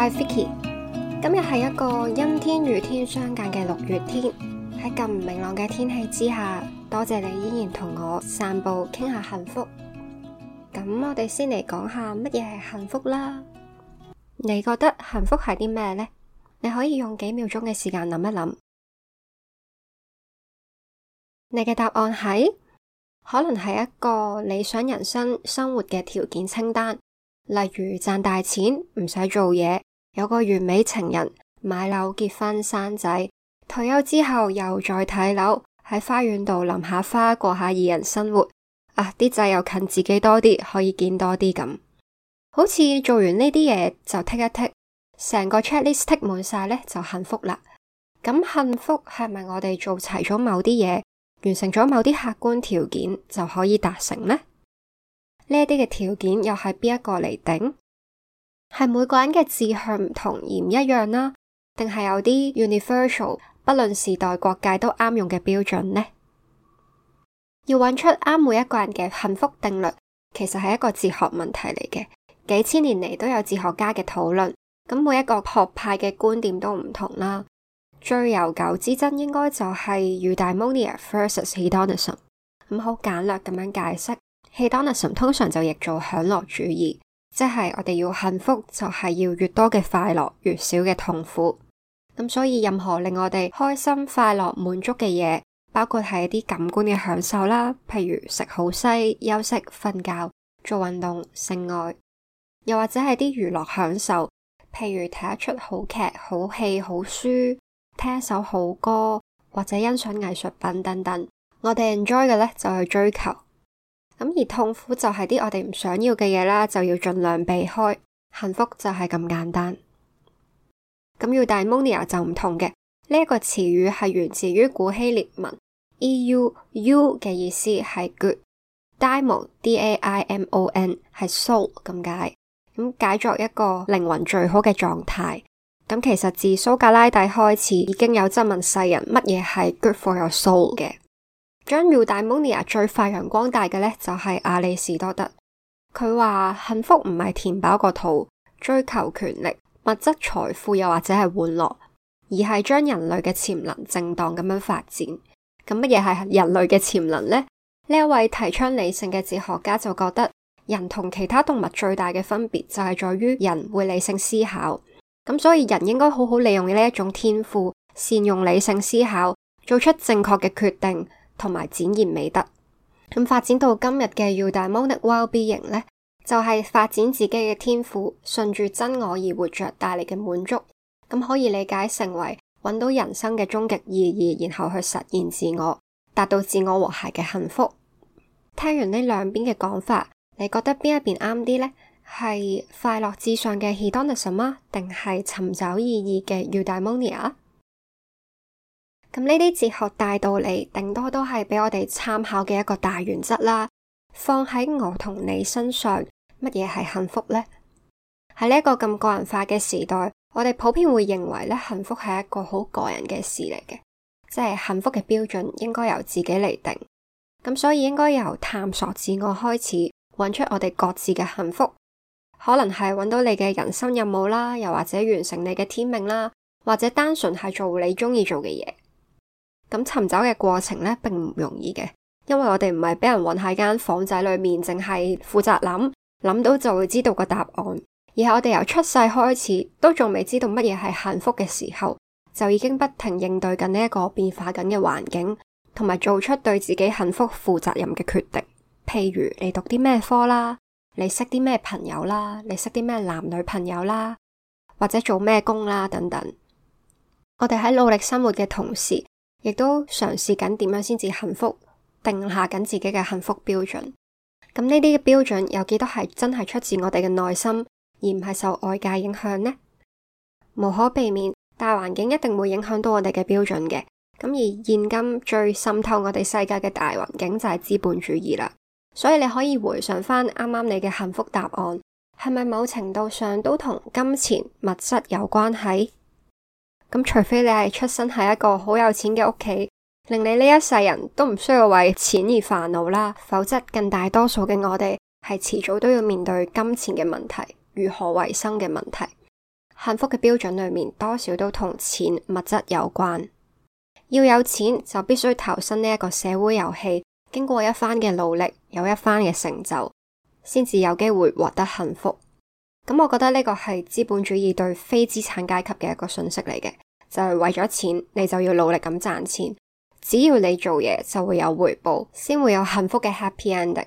Hi Vicky，今日係一個陰天雨天相間嘅六月天。喺咁明朗嘅天氣之下，多謝你依然同我散步傾下幸福。咁我哋先嚟講下乜嘢係幸福啦。你覺得幸福係啲咩呢？你可以用幾秒鐘嘅時間諗一諗。你嘅答案係可能係一個理想人生生活嘅條件清單，例如賺大錢唔使做嘢。有個完美情人，買樓結婚生仔，退休之後又再睇樓，喺花園度淋下花，過下二人生活。啊，啲仔又近自己多啲，可以見多啲咁。好似做完呢啲嘢就剔一剔，成個 checklist 剔滿晒咧就幸福啦。咁幸福係咪我哋做齊咗某啲嘢，完成咗某啲客觀條件就可以達成呢？呢一啲嘅條件又係邊一個嚟定？係每個人嘅志向唔同而唔一樣啦，定係有啲 universal 不論時代國界都啱用嘅標準呢？要揾出啱每一個人嘅幸福定律，其實係一個哲學問題嚟嘅，幾千年嚟都有哲學家嘅討論。咁每一個學派嘅觀點都唔同啦，最悠久之爭應該就係 Eudaimonia versus hedonism。咁好簡略咁樣解釋，hedonism 通常就譯做享樂主義。即係我哋要幸福，就係要越多嘅快樂，越少嘅痛苦。咁所以任何令我哋開心、快樂、滿足嘅嘢，包括係一啲感官嘅享受啦，譬如食好西、休息、瞓覺、做運動、性愛，又或者係啲娛樂享受，譬如睇一齣好劇、好戲、好書，聽一首好歌，或者欣賞藝術品等等。我哋 enjoy 嘅咧，就去追求。咁而痛苦就係啲我哋唔想要嘅嘢啦，就要盡量避開。幸福就係咁簡單。咁 Eudaimonia 就唔同嘅，呢一個詞語係源自於古希臘文 e u u 嘅意思係 good，daimon d a i m o n 係 soul 咁解，咁解作一個靈魂最好嘅狀態。咁其實自蘇格拉底開始已經有質問世人乜嘢係 good for your soul 嘅。將 Eudaimonia 最發揚光大嘅咧，就係阿里士多德。佢話幸福唔係填飽個肚，追求權力、物質財富又或者係玩樂，而係將人類嘅潛能正當咁樣發展。咁乜嘢係人類嘅潛能咧？呢一位提倡理性嘅哲學家就覺得，人同其他動物最大嘅分別就係在於人會理性思考。咁所以人應該好好利用呢一種天賦，善用理性思考，做出正確嘅決定。同埋展現美德，咁發展到今日嘅 eudaimonic well-being 呢，就係、是、發展自己嘅天賦，順住真我而活着，帶嚟嘅滿足，咁可以理解成為揾到人生嘅終極意義，然後去實現自我，達到自我和諧嘅幸福。聽完呢兩邊嘅講法，你覺得邊一邊啱啲呢？係快樂至上嘅 hedonism 嗎、啊？定係尋找意義嘅 eudaimonia？咁呢啲哲學大道理，頂多都係畀我哋參考嘅一個大原則啦。放喺我同你身上，乜嘢係幸福呢？喺呢一個咁個人化嘅時代，我哋普遍會認為咧，幸福係一個好個人嘅事嚟嘅，即係幸福嘅標準應該由自己嚟定。咁所以應該由探索自我開始，揾出我哋各自嘅幸福，可能係揾到你嘅人生任務啦，又或者完成你嘅天命啦，或者單純係做你鍾意做嘅嘢。咁尋找嘅過程咧，並唔容易嘅，因為我哋唔係俾人困喺間房仔裏面，淨係負責諗，諗到就會知道個答案。而係我哋由出世開始，都仲未知道乜嘢係幸福嘅時候，就已經不停應對緊呢一個變化緊嘅環境，同埋做出對自己幸福負責任嘅決定。譬如你讀啲咩科啦，你識啲咩朋友啦，你識啲咩男女朋友啦，或者做咩工啦等等。我哋喺努力生活嘅同時，亦都嘗試緊點樣先至幸福，定下緊自己嘅幸福標準。咁呢啲嘅標準有幾多係真係出自我哋嘅內心，而唔係受外界影響呢？無可避免，大環境一定會影響到我哋嘅標準嘅。咁而現今最滲透我哋世界嘅大環境就係資本主義啦。所以你可以回想翻啱啱你嘅幸福答案，係咪某程度上都同金錢物質有關係？咁除非你係出身喺一個好有錢嘅屋企，令你呢一世人都唔需要為錢而煩惱啦。否則，更大多數嘅我哋係遲早都要面對金錢嘅問題、如何維生嘅問題。幸福嘅標準裏面，多少都同錢物質有關。要有錢，就必須投身呢一個社會遊戲，經過一番嘅努力，有一番嘅成就，先至有機會獲得幸福。咁我覺得呢個係資本主義對非資產階級嘅一個訊息嚟嘅，就係為咗錢，你就要努力咁賺錢，只要你做嘢就會有回報，先會有幸福嘅 happy ending。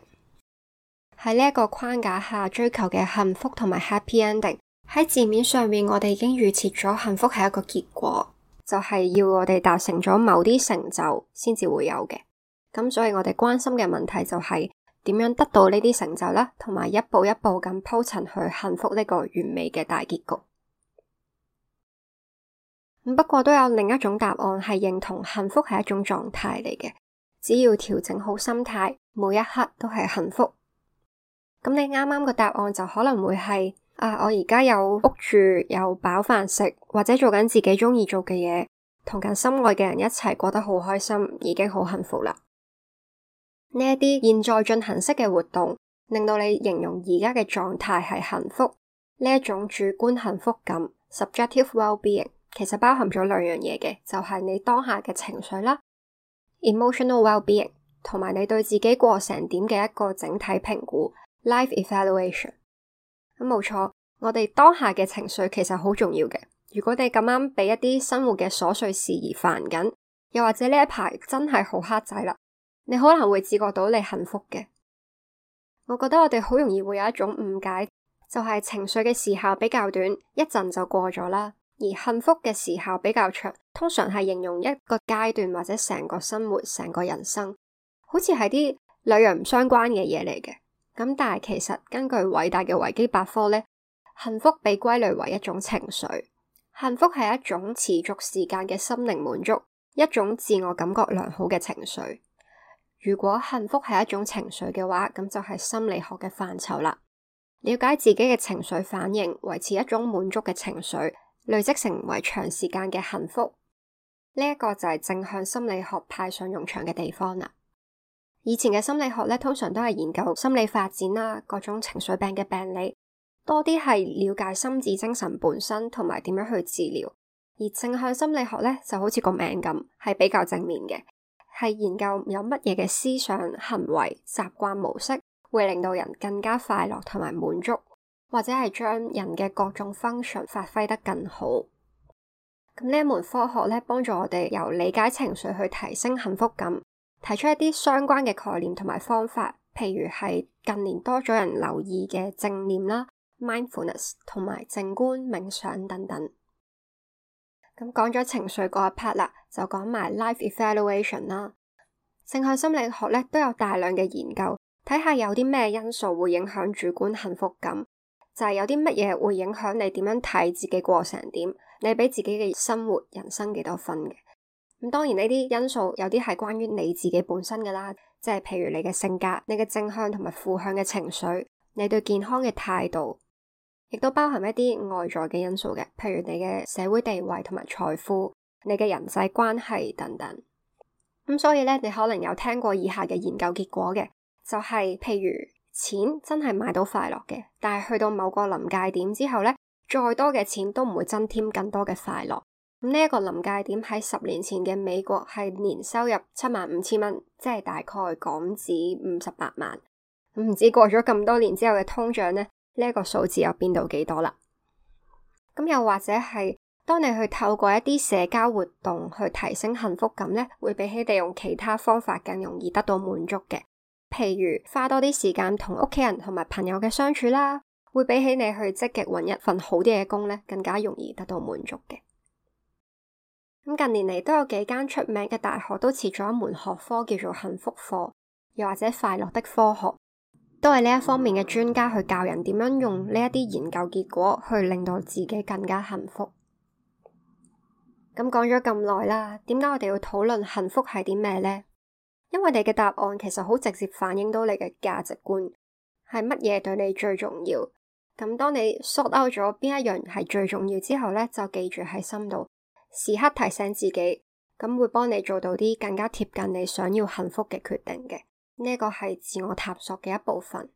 喺呢一個框架下追求嘅幸福同埋 happy ending，喺字面上面我哋已經預設咗幸福係一個結果，就係要我哋達成咗某啲成就先至會有嘅。咁所以我哋關心嘅問題就係，是。點樣得到呢啲成就呢？同埋一步一步咁鋪陳去幸福呢個完美嘅大結局。不過都有另一種答案，係認同幸福係一種狀態嚟嘅，只要調整好心態，每一刻都係幸福。咁你啱啱個答案就可能會係啊，我而家有屋住，有飽飯食，或者做緊自己鍾意做嘅嘢，同緊心愛嘅人一齊過得好開心，已經好幸福啦。呢啲現在進行式嘅活動，令到你形容而家嘅狀態係幸福呢一種主觀幸福感 （subjective well-being） 其實包含咗兩樣嘢嘅，就係你當下嘅情緒啦 （emotional well-being） 同埋你對自己過成點嘅一個整體評估 （life evaluation）。冇錯，我哋當下嘅情緒其實好重要嘅。如果你咁啱俾一啲生活嘅瑣碎事而煩緊，又或者呢一排真係好黑仔啦。你可能會自覺到你幸福嘅。我覺得我哋好容易會有一種誤解，就係情緒嘅時效比較短，一陣就過咗啦，而幸福嘅時效比較長，通常係形容一個階段或者成個生活、成個人生，好似係啲兩樣唔相關嘅嘢嚟嘅。咁但係其實根據偉大嘅維基百科呢，幸福被歸類為一種情緒，幸福係一種持續時間嘅心靈滿足，一種自我感覺良好嘅情緒。如果幸福係一種情緒嘅話，咁就係心理學嘅範疇啦。了解自己嘅情緒反應，維持一種滿足嘅情緒，累積成為長時間嘅幸福，呢一個就係正向心理學派上用場嘅地方啦。以前嘅心理學咧，通常都係研究心理發展啦，各種情緒病嘅病理，多啲係了解心智、精神本身同埋點樣去治療。而正向心理學咧，就好似個名咁，係比較正面嘅。係研究有乜嘢嘅思想、行為、習慣模式，會令到人更加快樂同埋滿足，或者係將人嘅各種 function 發揮得更好。咁呢一門科學咧，幫助我哋由理解情緒去提升幸福感，提出一啲相關嘅概念同埋方法，譬如係近年多咗人留意嘅正念啦 （mindfulness） 同埋靜觀冥想等等。咁講咗情緒嗰一 part 啦，就講埋 life evaluation 啦。正向心理學咧都有大量嘅研究，睇下有啲咩因素會影響主觀幸福感，就係、是、有啲乜嘢會影響你點樣睇自己過成點，你俾自己嘅生活人生幾多分嘅。咁當然呢啲因素有啲係關於你自己本身噶啦，即係譬如你嘅性格、你嘅正向同埋負向嘅情緒、你對健康嘅態度。亦都包含一啲外在嘅因素嘅，譬如你嘅社會地位同埋財富、你嘅人際關係等等。咁所以咧，你可能有聽過以下嘅研究結果嘅，就係、是、譬如錢真係買到快樂嘅，但係去到某個臨界點之後咧，再多嘅錢都唔會增添更多嘅快樂。咁呢一個臨界點喺十年前嘅美國係年收入七萬五千蚊，即係大概港紙五十八萬。唔、嗯、知過咗咁多年之後嘅通脹咧？呢一個數字有邊度幾多啦？咁又或者係當你去透過一啲社交活動去提升幸福感咧，會比起你用其他方法更容易得到滿足嘅。譬如花多啲時間同屋企人同埋朋友嘅相處啦，會比起你去積極揾一份好啲嘅工咧，更加容易得到滿足嘅。咁近年嚟，都有幾間出名嘅大學都設咗一門學科叫做幸福課，又或者快樂的科學。都係呢一方面嘅專家去教人點樣用呢一啲研究結果去令到自己更加幸福。咁講咗咁耐啦，點解我哋要討論幸福係啲咩呢？因為你嘅答案其實好直接反映到你嘅價值觀，係乜嘢對你最重要。咁當你 sort out 咗邊一樣係最重要之後呢，就記住喺心度，時刻提醒自己，咁會幫你做到啲更加貼近你想要幸福嘅決定嘅。呢個係自我探索嘅一部分。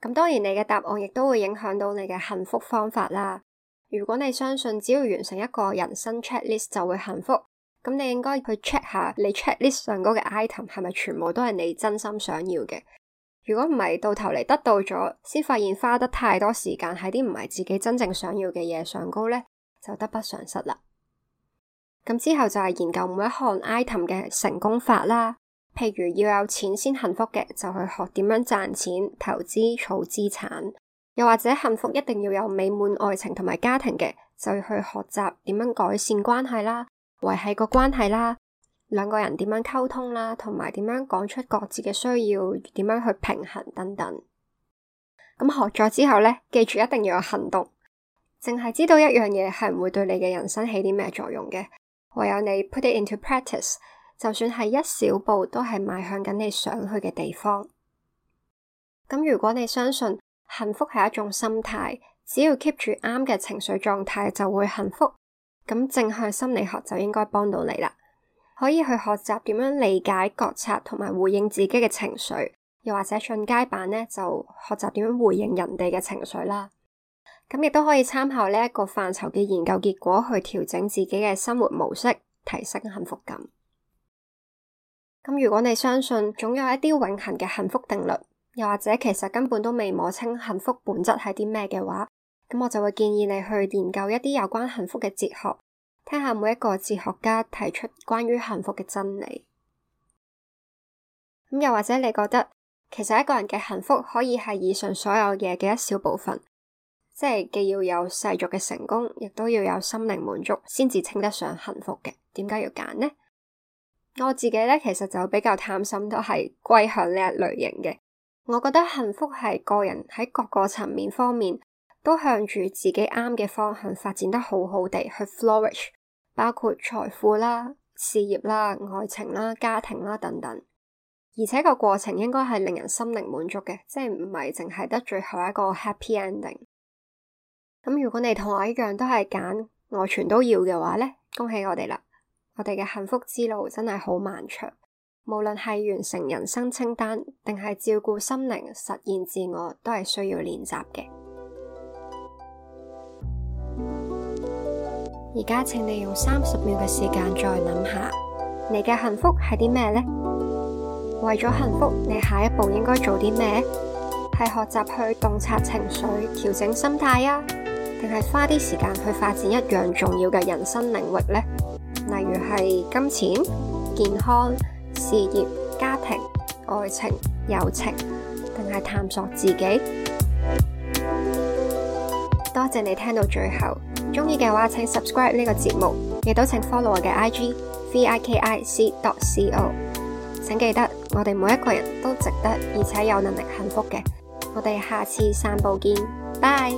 咁當然你嘅答案亦都會影響到你嘅幸福方法啦。如果你相信只要完成一個人生 checklist 就會幸福，咁你應該去 check 下你 checklist 上高嘅 item 係咪全部都係你真心想要嘅？如果唔係，到頭嚟得到咗，先發現花得太多時間喺啲唔係自己真正想要嘅嘢上高咧，就得不償失啦。咁之後就係研究每一項 item 嘅成功法啦。譬如要有錢先幸福嘅，就去學點樣賺錢、投資、儲資產；又或者幸福一定要有美滿愛情同埋家庭嘅，就要去學習點樣改善關係啦、維係個關係啦、兩個人點樣溝通啦、同埋點樣講出各自嘅需要、點樣去平衡等等。咁學咗之後咧，記住一定要有行動，淨係知道一樣嘢係唔會對你嘅人生起啲咩作用嘅，唯有你 put it into practice。就算係一小步，都係邁向緊你想去嘅地方。咁如果你相信幸福係一種心態，只要 keep 住啱嘅情緒狀態就會幸福。咁正向心理學就應該幫到你啦。可以去學習點樣理解、覺察同埋回應自己嘅情緒，又或者進階版呢，就學習點樣回應人哋嘅情緒啦。咁亦都可以參考呢一個範疇嘅研究結果去調整自己嘅生活模式，提升幸福感。咁如果你相信總有一啲永恒嘅幸福定律，又或者其實根本都未摸清幸福本質係啲咩嘅話，咁我就會建議你去研究一啲有關幸福嘅哲學，聽下每一個哲學家提出關於幸福嘅真理。咁又或者你覺得其實一個人嘅幸福可以係以上所有嘢嘅一小部分，即係既要有世俗嘅成功，亦都要有心靈滿足，先至稱得上幸福嘅。點解要揀呢？我自己咧，其實就比較貪心，都係歸向呢一類型嘅。我覺得幸福係個人喺各個層面方面，都向住自己啱嘅方向發展得好好地去 flourish，包括財富啦、事業啦、愛情啦、家庭啦等等。而且個過程應該係令人心靈滿足嘅，即係唔係淨係得最後一個 happy ending。咁如果你同我一樣都係揀我全都要嘅話咧，恭喜我哋啦！我哋嘅幸福之路真係好漫長，無論係完成人生清單，定係照顧心靈、實現自我，都係需要練習嘅。而家，請你用三十秒嘅時間再諗下，你嘅幸福係啲咩咧？為咗幸福，你下一步應該做啲咩？係學習去洞察情緒、調整心態啊，定係花啲時間去發展一樣重要嘅人生領域咧？例如係金錢、健康、事業、家庭、愛情、友情，定係探索自己。 多謝你聽到最後，中意嘅話請 subscribe 呢個節目，亦都請 follow 我嘅 IG vikic.co。請記得，我哋每一個人都值得而且有能力幸福嘅。我哋下次散步見，拜。